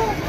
Oh.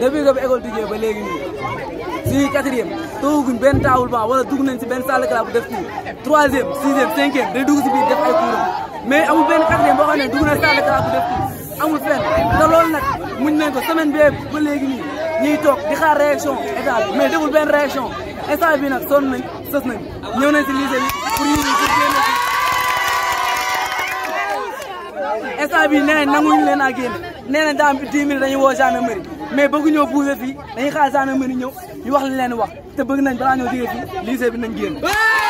depuis que école tijjee ba léegi nii si quatrième tooguñ benn taawul ba wala dugg nañ si benn salle classe bu def kii troisième sixième cinquième day si biir def ay cours mais benn quatrième boo xam ne dugg na salle def kii amul fenn te loolu nag muñ nañ ko semaine bee ba léegi nii ñuy toog di xaar réaction état bi mais deful benn réaction état bi nag sonn nañ sës nañ ñëw nañ si lycée bi pour ñu pour génn si état bi nee nañ nanguñu leen a génn nee nañ daa am 10 000 dañuy woo gendarmerie mais bëgguñoo bouger fii dañuy xaar gendarmerie ñëw ñu wax li leen wax te bëgg nañ balaa ñoo jógee bi nañ génn